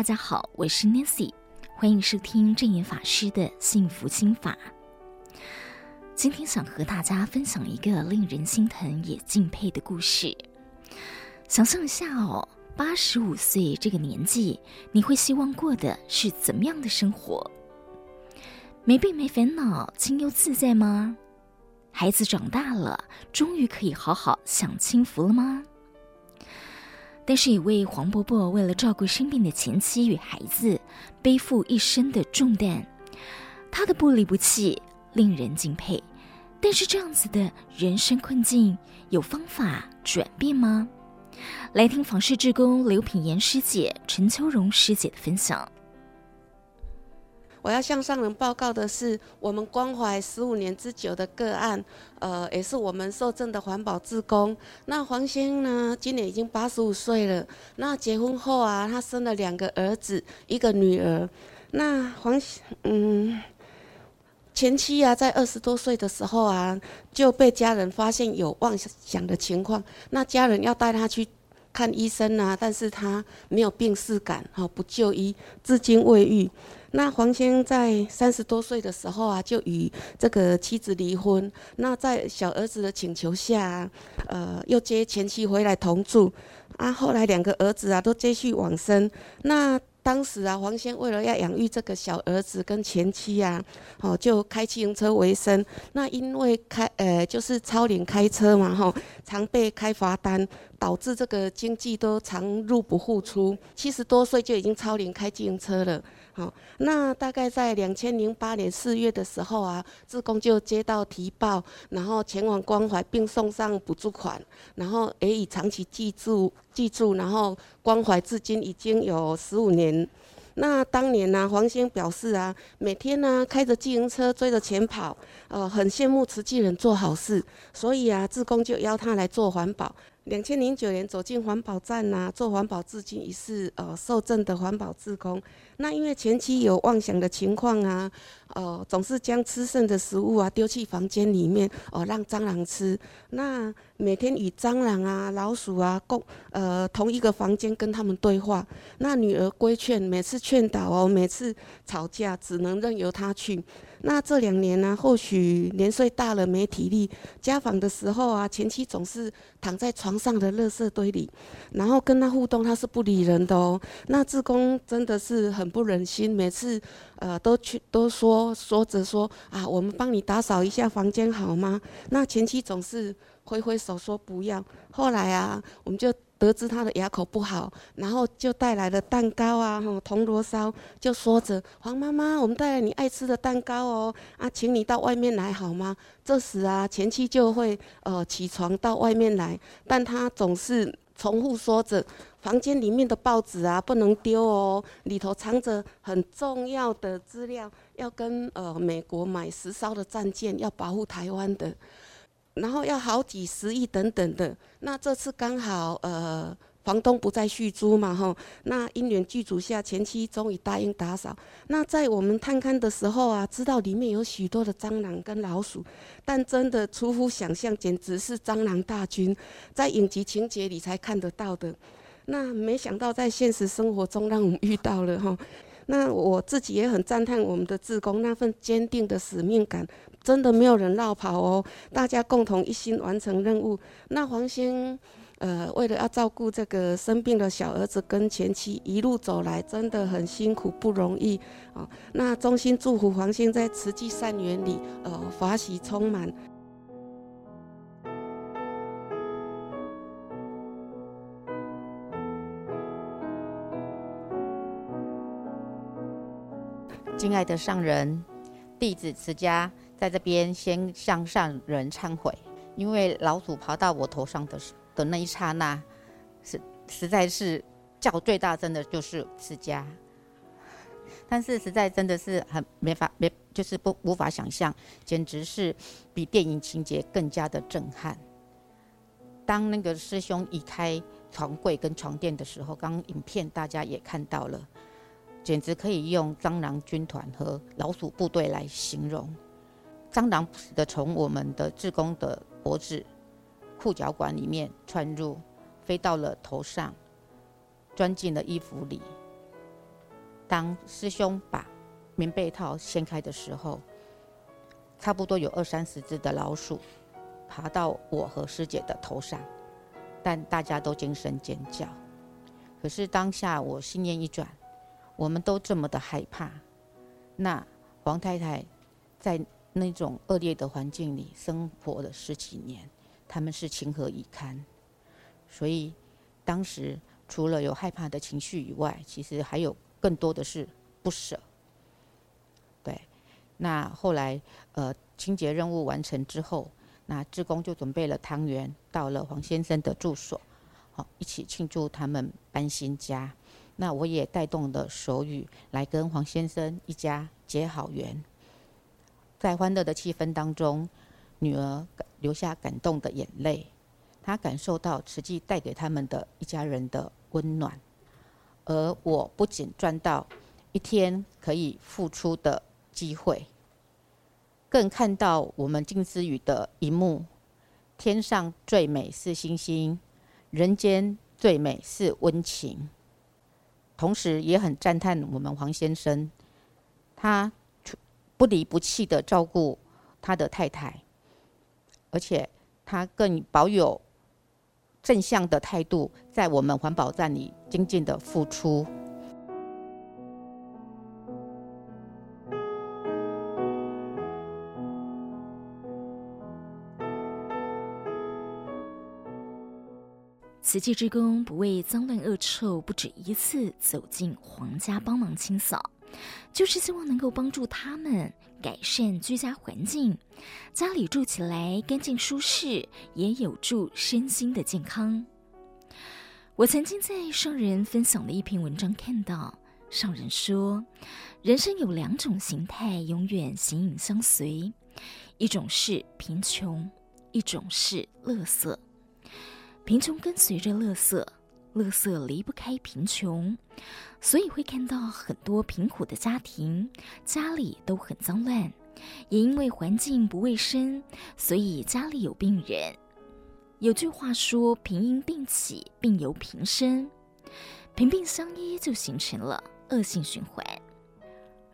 大家好，我是 Nancy，歡迎收聽證嚴法師的幸福心法。今天想和大家分享一個令人心疼也敬佩的故事。想象一下哦，八十五歲這個年紀，你會希望過的是怎麼樣的生活？沒病沒煩惱，清幽自在嗎？孩子長大了，終於可以好好享清福了嗎？但是，一位黃伯伯為了照顧生病的前妻與孩子，背負一生的重擔，他的不離不棄令人敬佩。但是，這樣子的人生困境有方法轉變嗎？來聽訪視志工劉品言師姐、陳秋榮師姐的分享。我要向上人報告的是，我們關懷十五年之久的個案，呃，也是我們受證的環保志工。那黃先生呢，今年已經八十五歲了。那結婚後啊，他生了兩個兒子，一個女兒。那黃，嗯，前妻呀、啊，在二十多歲的時候啊，就被家人發現有妄想的情況。那家人要帶他去。看醫生吶、啊，但是他沒有病識感，哈，不就醫，至今未癒。那黃先生在三十多歲的時候啊，就與這個妻子離婚。那在小兒子的請求下，呃，又接前妻回來同住。啊，後來兩個兒子啊都接續往生。那當時啊，黃先生為了要養育這個小兒子跟前妻呀，哦，就開自行車為生。那因為開呃就是超齡開車嘛，吼，常被開罰單，導致這個經濟都常入不敷出。七十多歲就已經超齡開自行車了。好，那大概在兩千零八年四月的時候啊，志工就接到提報，然後前往關懷並送上補助款，然後也以長期寄住寄住，然後關懷至今已經有十五年。那當年呢、啊，黃先表示啊，每天呢、啊、開着自行車追着錢跑，呃，很羨慕慈濟人做好事，所以啊，志工就邀他來做環保。二千零九年走進環保站吶、啊，做環保至今已是呃受證的環保志工。那因為前妻有妄想的情況啊。哦，總是將吃剩的食物啊丟棄房間裡面，哦，讓蟑螂吃。那每天與蟑螂啊、老鼠啊共呃同一個房間跟它們對話。那女兒規勸，每次勸導哦，每次吵架只能任由她去。那這兩年呢、啊，或許年歲大了沒體力，家訪的時候啊，前妻總是躺在床上的垃圾堆裡，然後跟他互動，他是不理人的哦。那志工真的是很不忍心，每次，呃，都去都說說着說啊，我們幫你打掃一下房間好嗎？那前妻總是揮揮手說不要。後來啊，我們就。得知他的牙口不好，然後就帶來了蛋糕啊，銅鑼燒，就說着：“黃媽媽，我們帶來你愛吃的蛋糕哦，啊，請你到外面來好嗎？”這時啊，前妻就會呃起床到外面來，但她總是重複說着：“房間裡面的報紙啊不能丟哦，裡頭藏着很重要的資料，要跟呃美國買十艘的戰艦，要保護台灣的。”然後要好幾十億等等的，那這次剛好，呃，房東不再續租嘛，哈、哦，那因緣具足下，前妻終於答應打掃。那在我們探勘的時候啊，知道裡面有許多的蟑螂跟老鼠，但真的出乎想象，簡直是蟑螂大軍，在影集情節裡才看得到的。那沒想到在現實生活中，讓我們遇到了，哈、哦。那我自己也很讚歎我們的志工那份堅定的使命感，真的沒有人落跑哦，大家共同一心完成任務。那黃興，呃，為了要照顧這個生病的小兒子跟前妻，一路走來真的很辛苦，不容易啊、哦。那衷心祝福黃興在慈濟善緣裡，呃，法喜充滿。親愛的上人，弟子慈嘉，在這邊先向上人懺悔，因為老鼠爬到我頭上的的那一剎那，是實，實在是叫最大聲的，就是慈嘉。但是實在真的是很沒法，沒就是不無法想象，簡直是比電影情節更加的震撼。當那個師兄移開床櫃跟床墊的時候，剛影片大家也看到了。簡直可以用蟑螂軍團和老鼠部隊來形容。蟑螂不時的從我們的志工的脖子、褲腳管裡面穿入，飛到了頭上，鑽進了衣服裡。當師兄把棉被套掀開的時候，差不多有二三十隻的老鼠爬到我和師姐的頭上，但大家都驚聲尖叫。可是當下我心念一轉。我們都這麼的害怕，那黃太太在那種惡劣的環境裡生活了十幾年，他們是情何以堪？所以當時除了有害怕的情緒以外，其實還有更多的是不捨。對，那後來呃清潔任務完成之後，那志工就準備了湯圓，到了黃先生的住所，好一起慶祝他們搬新家。那我也帶動了手語來跟黃先生一家結好緣，在歡樂的氣氛當中，女兒流下感動的眼淚，她感受到慈濟帶給他們的一家人的溫暖，而我不僅賺到一天可以付出的機會，更看到我們靜思語的一幕：天上最美是星星，人間最美是溫情。同時也很讚歎我們黃先生，他不離不棄的照顧他的太太，而且他更保有正向的態度，在我們環保站裡精進的付出。慈濟志工不畏髒亂惡臭，不止一次走進黃家幫忙清掃，就是希望能夠幫助他們改善居家環境，家裡住起來乾淨舒適，也有助身心的健康。我曾經在上人分享的一篇文章看到，上人說，人生有兩種形態，永遠形影相隨，一種是貧窮，一種是垃圾。貧窮跟隨着垃圾，垃圾離不開貧窮，所以會看到很多貧苦的家庭，家裡都很髒亂，也因為環境不衛生，所以家裡有病人。有句話說：“貧因病起，病由貧生，貧病相依，就形成了惡性循環。”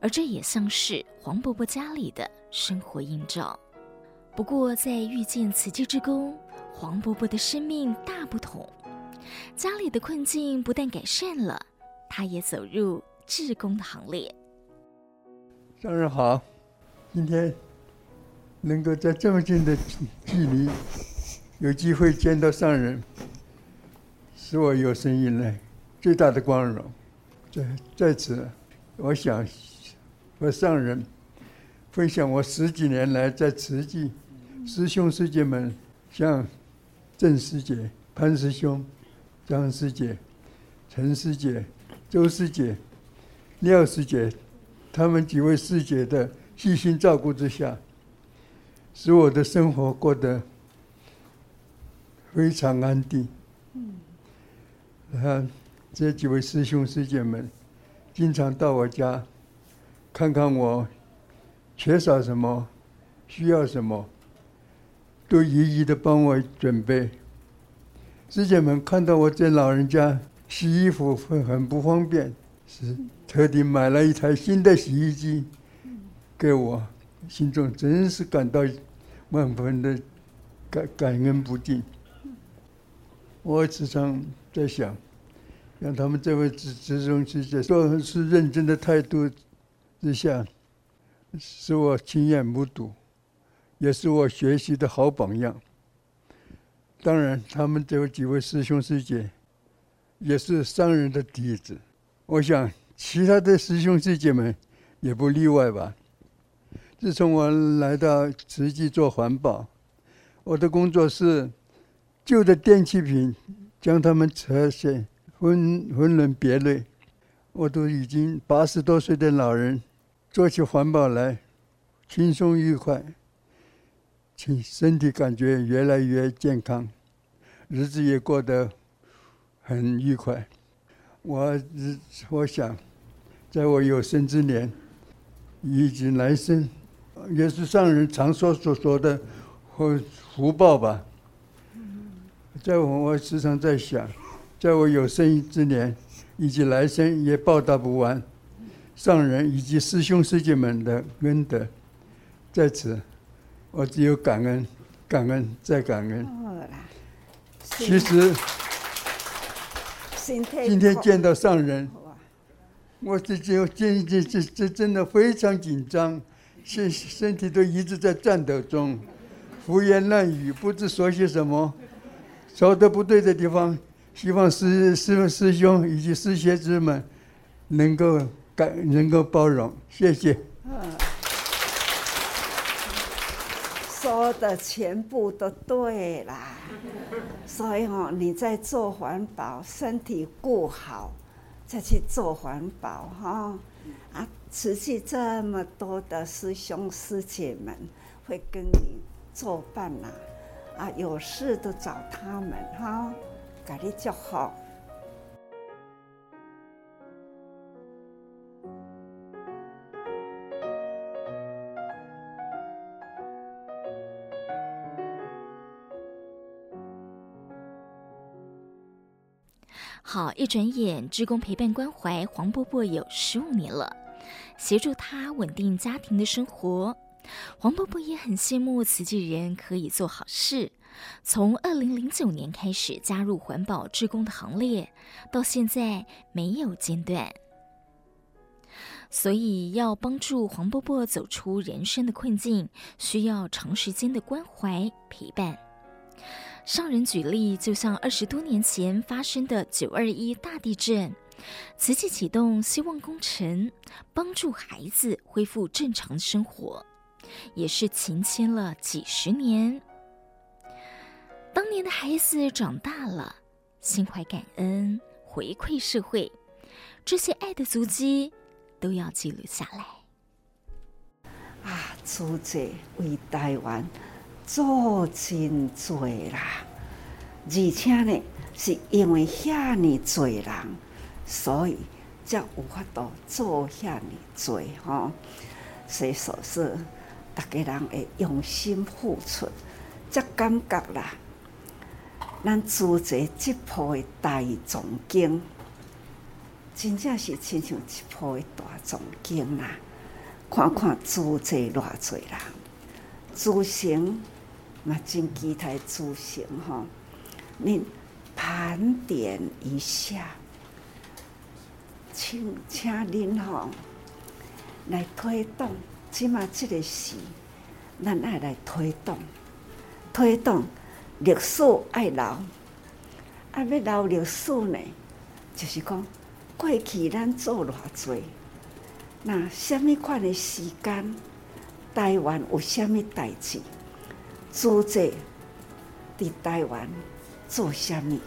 而這也像是黃伯伯家裡的生活映照。不過，在遇見慈濟志工，黃伯伯的生命大不同。家裡的困境不但改善了，他也走入志工的行列。上人好，今天能夠在這麼近的距離，有機會見到上人，是我有生以來最大的光榮。在在此，我想和上人分享我十幾年來在慈濟。師兄師姐們，像鄭師姐、潘師兄、張師姐、陳師姐、周師姐、廖師姐，他們幾位師姐的細心照顧之下，使我的生活過得非常安定。嗯，你看，這幾位師兄師姐們經常到我家，看看我缺少什麼，需要什麼。都一一的幫我準備，師姐們看到我在老人家洗衣服會很不方便，是特地買了一台新的洗衣機給我，心中真是感到萬分的感感恩不盡。我時常在想，讓他們這位子子中師姐做事認真的態度之下，使我親眼目睹，也是我學習的好榜樣。當然，他們這幾位師兄師姐也是上人的弟子。我想，其他的師兄師姐們也不例外吧。自從我來到慈濟做環保，我的工作是舊的電器品將它們拆卸，分分門別類。我都已經八十多歲的老人，做起環保來輕鬆愉快。請身體感覺越來越健康，日子也過得很愉快。我日，我想，在我有生之年，以及來生，也是上人常說所說的和福報吧。在我我時常在想，在我有生之年以及來生也報答不完上人以及師兄師姐們的恩德，在此。我只有感恩，感恩再感恩。哦、其實、啊、今天見到上人，哦啊、我這這這這這真的非常緊張，身身體都一直在戰鬥中，胡言亂語，不知說些什麼，說的不對的地方，希望師師師兄以及師姊們能夠感能夠包容，謝謝。哦說的全部都對啦，所以哦，你在做環保，身體顧好，再去做環保哈。啊，啊，慈濟這麼多的師兄師姐們會跟你作伴啦，啊，啊，有事都找他們哈，搞得就好。好，一轉眼，志工陪伴關懷黃伯伯有十五年了，協助他穩定家庭的生活。黃伯伯也很羨慕慈濟人可以做好事，從二零零九年開始加入環保志工的行列，到現在沒有間斷。所以，要幫助黃伯伯走出人生的困境，需要長時間的關懷陪伴。上人舉例，就像二十多年前發生的九二一大地震，慈濟啟動希望工程，幫助孩子恢復正常生活，也是勤謙了幾十年。當年的孩子長大了，心懷感恩，回饋社會，這些愛的足跡，都要記錄下來。啊，助者為台灣。做真儕啦，而且呢，是因為遐尼儕人，所以才有法度做遐尼儕吼。所以說是，逐個人會用心付出，則感覺啦，咱做者一波的大總經，真正是親像一波的大總經啦。看看做者偌儕人，做成。嘛，真期待諸神哈！恁盤點一下，請請您哈來推動，即碼即個事，咱愛來推動，推動歷史，愛留。啊，要留歷史呢，就是講過去咱做偌濟，那啥物款誒時間，台灣有啥物代誌？作者在台灣做什麼？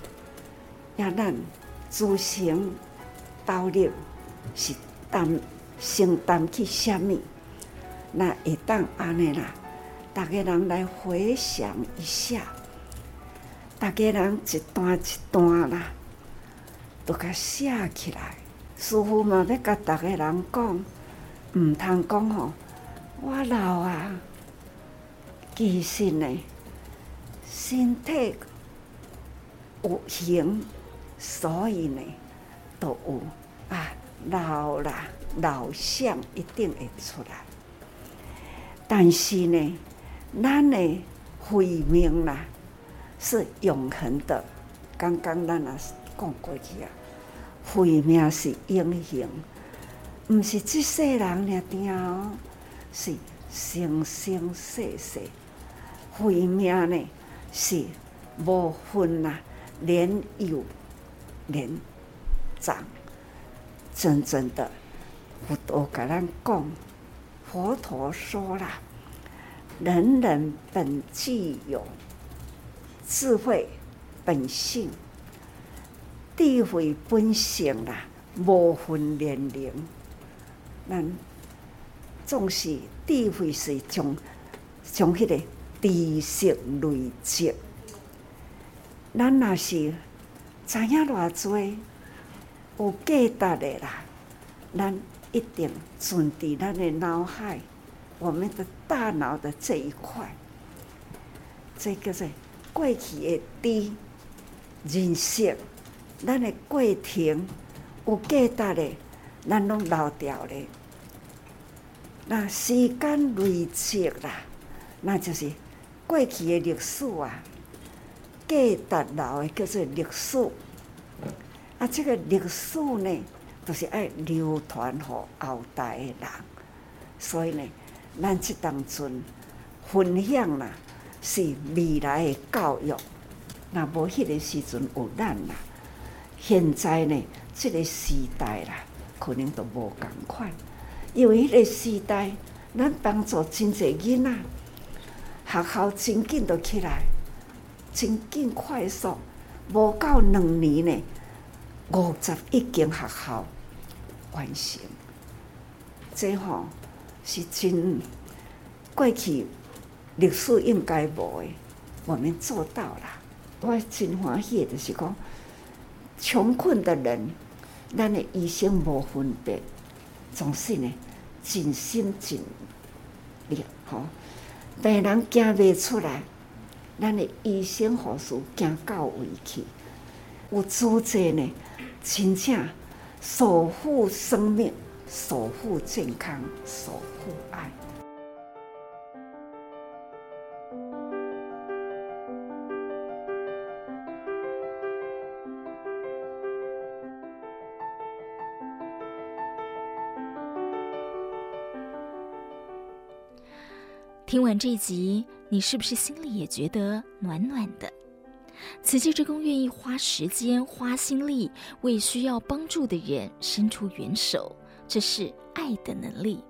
也咱自身投入是擔承擔起什麼？那會當安尼啦，逐個人來回想一下，逐個人一段一段啦，都甲寫起來。師父嘛要甲逐個人講，毋通講吼，我老啊。其實呢，身體有形，所以呢都有啊。老了，老相一定會出來。但是呢，咱的慧命啦是永恆的。剛剛咱也講過去啊，慧命是永恆，不是這世人了了，是生生世世。慧命呢是無分啊，年幼年長。真正的佛陀共咱講，佛陀說啦，人人本具有智慧本性，智慧本性啦無分年齡，咱總是智慧是從從迄個。知識累積，咱若是知影偌濟，有價值的啦，咱一定存佇咱的腦海，我們的大腦的這一塊，這叫做過去的知認識，咱的過程有價值的，咱攏留著的。那時間累積啦，那就是。過去嘅歷史啊，計達老誒叫做歷史。啊，這個歷史呢，就是愛流傳給後代誒人。所以呢，咱即當陣分享啦，是未來誒教育。若那無迄個時陣有咱啦，現在呢，即、這個時代啦，可能都無共款，因為迄個時代，咱幫助真濟囡仔。學校真緊就起來，真緊快速，無夠兩年呢，五十一間學校完成，這吼是真過去歷史應該無的，我們做到了。我真歡喜的就是講，窮困的人，咱的醫生無分別，總是呢盡心盡力，吼。病人走未出來，咱的醫生護士走到位去，有組織呢，親切守護生命，守護健康，守護愛。聽完這一集，你是不是心裡也覺得暖暖的？慈濟志工願意花時間、花心力為需要幫助的人伸出援手，這是愛的能力。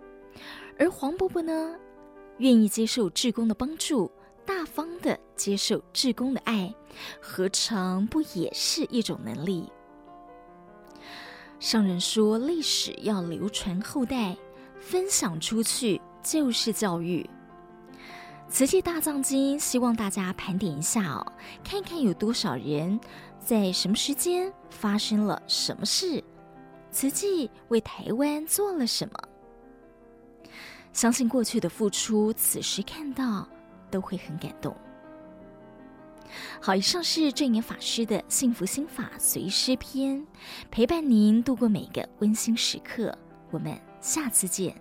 而黃伯伯呢，願意接受志工的幫助，大方的接受志工的愛，何嘗不也是一種能力？上人說：“歷史要流傳後代，分享出去就是教育。”慈濟大藏經，希望大家盤點一下哦，看看有多少人，在什麼時間發生了什麼事，慈濟為台灣做了什麼？相信過去的付出，此時看到都會很感動。好，以上是證嚴法師的《幸福心法隨師篇》，陪伴您度過每個溫馨時刻。我們下次見。